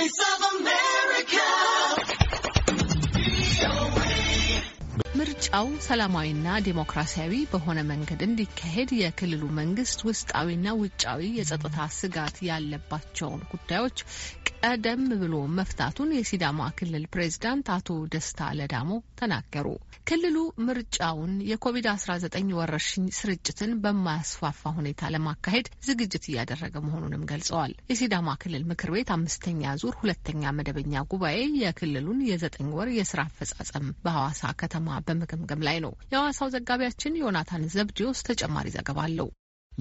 Voice of ምርጫው ሰላማዊና ዴሞክራሲያዊ በሆነ መንገድ እንዲካሄድ የክልሉ መንግስት ውስጣዊና ውጫዊ የጸጥታ ስጋት ያለባቸውን ጉዳዮች ቀደም ብሎ መፍታቱን የሲዳማ ክልል ፕሬዝዳንት አቶ ደስታ ለዳሞ ተናገሩ። ክልሉ ምርጫውን የኮቪድ-19 ወረርሽኝ ስርጭትን በማያስፋፋ ሁኔታ ለማካሄድ ዝግጅት እያደረገ መሆኑንም ገልጸዋል። የሲዳማ ክልል ምክር ቤት አምስተኛ ዙር ሁለተኛ መደበኛ ጉባኤ የክልሉን የዘጠኝ ወር የስራ አፈጻጸም በሐዋሳ ከተማ በምክም በመገምገም ላይ ነው። የሐዋሳው ዘጋቢያችን ዮናታን ዘብዲዮስ ተጨማሪ ዘገባ አለው።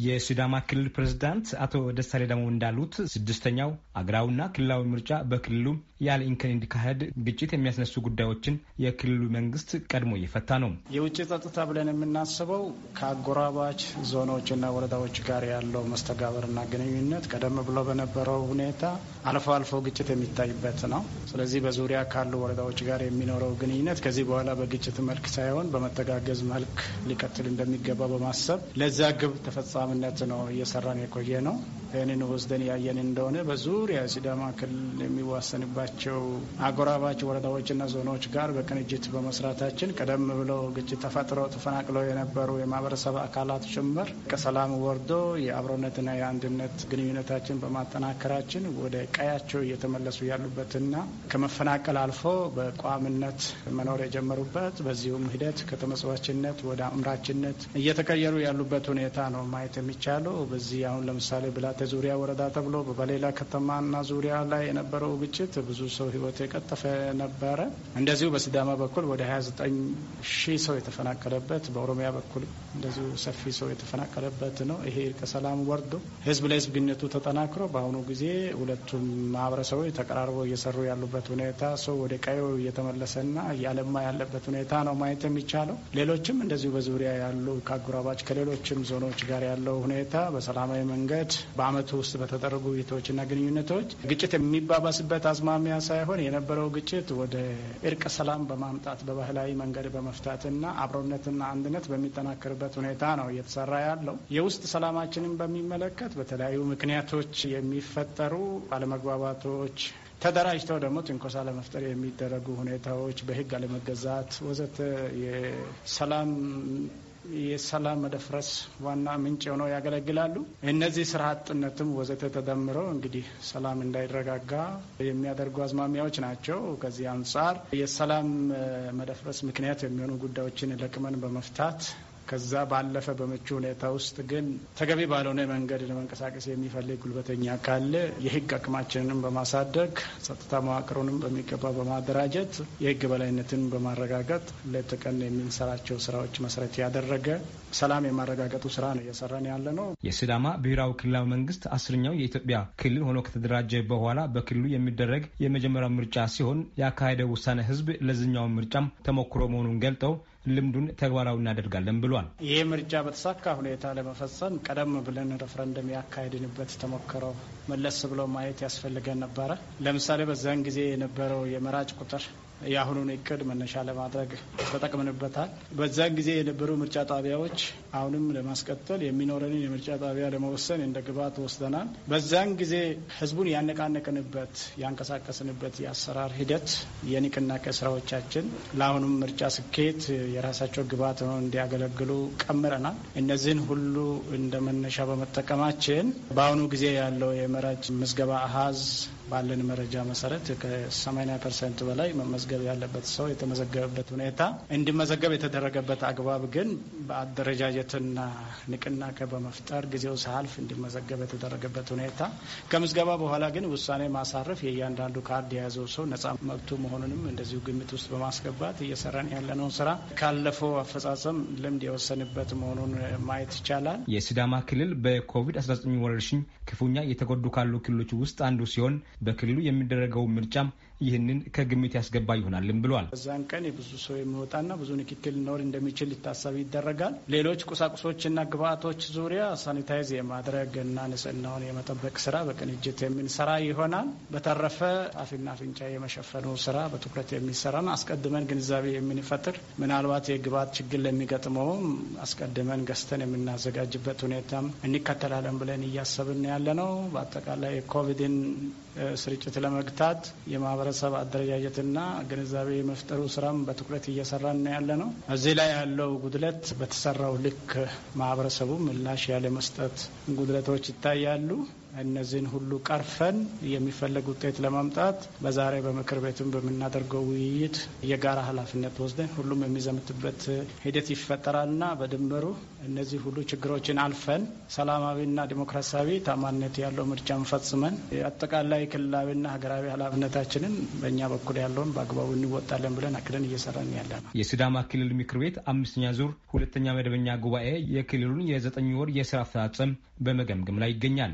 የሲዳማ ክልል ፕሬዝዳንት አቶ ደሳሌ ዳሞ እንዳሉት ስድስተኛው አገራዊና ክልላዊ ምርጫ በክልሉ ያለ እንከን እንዲካሄድ ግጭት የሚያስነሱ ጉዳዮችን የክልሉ መንግስት ቀድሞ እየፈታ ነው። የውጭ ጸጥታ ብለን የምናስበው ከአጎራባች ዞኖችና ወረዳዎች ጋር ያለው መስተጋበርና ግንኙነት ቀደም ብሎ በነበረው ሁኔታ አልፎ አልፎ ግጭት የሚታይበት ነው። ስለዚህ በዙሪያ ካሉ ወረዳዎች ጋር የሚኖረው ግንኙነት ከዚህ በኋላ በግጭት መልክ ሳይሆን በመተጋገዝ መልክ ሊቀጥል እንደሚገባ በማሰብ ለዚያ ግብ ተፈጻሚ መልካምነት ነው እየሰራን የቆየ ነው። ይህንን ወስደን ያየን እንደሆነ በዙሪያ ሲዳማ ክልል የሚዋሰንባቸው አጎራባች ወረዳዎችና ዞኖች ጋር በቅንጅት በመስራታችን ቀደም ብሎ ግጭት ተፈጥሮ ተፈናቅለው የነበሩ የማህበረሰብ አካላት ጭምር ከሰላም ወርዶ የአብሮነትና የአንድነት ግንኙነታችን በማጠናከራችን ወደ ቀያቸው እየተመለሱ ያሉበትና ከመፈናቀል አልፎ በቋምነት መኖር የጀመሩበት በዚሁም ሂደት ከተመጽዋችነት ወደ አምራችነት እየተቀየሩ ያሉበት ሁኔታ ነው ማየት የሚቻለው። በዚህ አሁን ለምሳሌ ብላ ዙሪያ ወረዳ ተብሎ በሌላ ከተማና ዙሪያ ላይ የነበረው ግጭት ብዙ ሰው ህይወት የቀጠፈ ነበረ። እንደዚሁ በሲዳማ በኩል ወደ 29 ሺህ ሰው የተፈናቀለበት፣ በኦሮሚያ በኩል እንደዚሁ ሰፊ ሰው የተፈናቀለበት ነው። ይሄ ከሰላም ወርዶ ህዝብ ለህዝብ ግንኙነቱ ተጠናክሮ በአሁኑ ጊዜ ሁለቱም ማህበረሰቦች ተቀራርበው እየሰሩ ያሉበት ሁኔታ ሰው ወደ ቀዩ እየተመለሰና እያለማ ያለበት ሁኔታ ነው ማየት የሚቻለው። ሌሎችም እንደዚሁ በዙሪያ ያሉ ከአጎራባች ከሌሎችም ዞኖች ጋር ያለው ሁኔታ በሰላማዊ መንገድ በአመቱ ውስጥ በተደረጉ ውይይቶችና ግንኙነቶች ግጭት የሚባባስበት አዝማሚያ ሳይሆን የነበረው ግጭት ወደ እርቅ ሰላም በማምጣት በባህላዊ መንገድ በመፍታትና አብሮነትና አንድነት በሚጠናከርበት ሁኔታ ነው እየተሰራ ያለው። የውስጥ ሰላማችንን በሚመለከት በተለያዩ ምክንያቶች የሚፈጠሩ አለመግባባቶች ተደራጅተው ደግሞ ትንኮሳ ለመፍጠር የሚደረጉ ሁኔታዎች፣ በህግ አለመገዛት ወዘተ የሰላም የሰላም መደፍረስ ዋና ምንጭ ሆነው ያገለግላሉ። እነዚህ ስራ አጥነትም ወዘተ ተደምረው እንግዲህ ሰላም እንዳይረጋጋ የሚያደርጉ አዝማሚያዎች ናቸው። ከዚህ አንጻር የሰላም መደፍረስ ምክንያት የሚሆኑ ጉዳዮችን ለቅመን በመፍታት ከዛ ባለፈ በምቹ ሁኔታ ውስጥ ግን ተገቢ ባልሆነ መንገድ ለመንቀሳቀስ የሚፈልግ ጉልበተኛ ካለ የህግ አቅማችንንም በማሳደግ ጸጥታ መዋቅሩንም በሚገባ በማደራጀት የህግ በላይነትን በማረጋገጥ ሌት ተቀን የምንሰራቸው ስራዎች መሰረት ያደረገ ሰላም የማረጋገጡ ስራ ነው እየሰራን ያለ ነው። የስዳማ ብሔራዊ ክልላዊ መንግስት አስረኛው የኢትዮጵያ ክልል ሆኖ ከተደራጀ በኋላ በክልሉ የሚደረግ የመጀመሪያው ምርጫ ሲሆን ያካሄደው ውሳኔ ህዝብ ለዚኛው ምርጫም ተሞክሮ መሆኑን ገልጠው ልምዱን ተግባራዊ እናደርጋለን ብሏል። ይህ ምርጫ በተሳካ ሁኔታ ለመፈጸም ቀደም ብለን ሬፈረንደም ያካሄድንበት ተሞክረው መለስ ብሎ ማየት ያስፈልገን ነበረ። ለምሳሌ በዛን ጊዜ የነበረው የመራጭ ቁጥር የአሁኑን እቅድ መነሻ ለማድረግ ተጠቅምንበታል። በዛን ጊዜ የነበሩ ምርጫ ጣቢያዎች አሁንም ለማስቀጠል የሚኖረንን የምርጫ ጣቢያ ለመወሰን እንደ ግብዓት ወስደናል። በዛን ጊዜ ህዝቡን ያነቃነቅንበት ያንቀሳቀስንበት የአሰራር ሂደት የንቅናቄ ስራዎቻችን ለአሁኑም ምርጫ ስኬት የራሳቸው ግብዓት ሆነው እንዲያገለግሉ ቀምረናል። እነዚህን ሁሉ እንደ መነሻ በመጠቀማችን በአሁኑ ጊዜ ያለው የመራጭ ምዝገባ አሃዝ ባለን መረጃ መሰረት ከ80 ፐርሰንት በላይ መመዝገ መመዝገብ ያለበት ሰው የተመዘገበበት ሁኔታ እንዲመዘገብ የተደረገበት አግባብ ግን በአደረጃጀትና ንቅናቄ በመፍጠር ጊዜው ሳያልፍ እንዲመዘገብ የተደረገበት ሁኔታ ከምዝገባ በኋላ ግን ውሳኔ ማሳረፍ የእያንዳንዱ ካርድ የያዘው ሰው ነጻ መብቱ መሆኑንም እንደዚሁ ግምት ውስጥ በማስገባት እየሰራን ያለነውን ስራ ካለፈው አፈጻጸም ልምድ የወሰንበት መሆኑን ማየት ይቻላል። የሲዳማ ክልል በኮቪድ-19 ወረርሽኝ ክፉኛ የተጎዱ ካሉ ክልሎች ውስጥ አንዱ ሲሆን በክልሉ የሚደረገው ምርጫም ይህንን ከግምት ያስገባ ይሆናልም ብሏል። በዛን ቀን የብዙ ሰው የሚወጣና ብዙ ንክክል ሊኖር እንደሚችል ሊታሰብ ይደረጋል። ሌሎች ቁሳቁሶችና ግብአቶች ዙሪያ ሳኒታይዝ የማድረግና ንጽህናውን የመጠበቅ ስራ በቅንጅት የምንሰራ ይሆናል። በተረፈ አፍና አፍንጫ የመሸፈኑ ስራ በትኩረት የሚሰራን አስቀድመን ግንዛቤ የምንፈጥር ምናልባት የግብአት ችግር ለሚገጥመውም አስቀድመን ገዝተን የምናዘጋጅበት ሁኔታም እንከተላለን ብለን እያሰብን ያለ ነው። በአጠቃላይ የኮቪድን ስርጭት ለመግታት የማህበረ የማህበረሰብ አደረጃጀትና ግንዛቤ የመፍጠሩ ስራም በትኩረት እየሰራን ያለ ነው። እዚህ ላይ ያለው ጉድለት በተሰራው ልክ ማህበረሰቡ ምላሽ ያለ መስጠት ጉድለቶች ይታያሉ። እነዚህን ሁሉ ቀርፈን የሚፈለግ ውጤት ለማምጣት በዛሬ በምክር ቤትም በምናደርገው ውይይት የጋራ ኃላፊነት ወስደን ሁሉም የሚዘምትበት ሂደት ይፈጠራልና በድምሩ እነዚህ ሁሉ ችግሮችን አልፈን ሰላማዊና ዲሞክራሲያዊ ታማነት ያለው ምርጫን ፈጽመን አጠቃላይ ክልላዊና ሀገራዊ ኃላፊነታችንን በእኛ በኩል ያለውን በአግባቡ እንወጣለን ብለን አቅደን እየሰራን ያለ ነው። የሲዳማ ክልል ምክር ቤት አምስተኛ ዙር ሁለተኛ መደበኛ ጉባኤ የክልሉን የዘጠኝ ወር የስራ አፈጻጸም በመገምገም ላይ ይገኛል።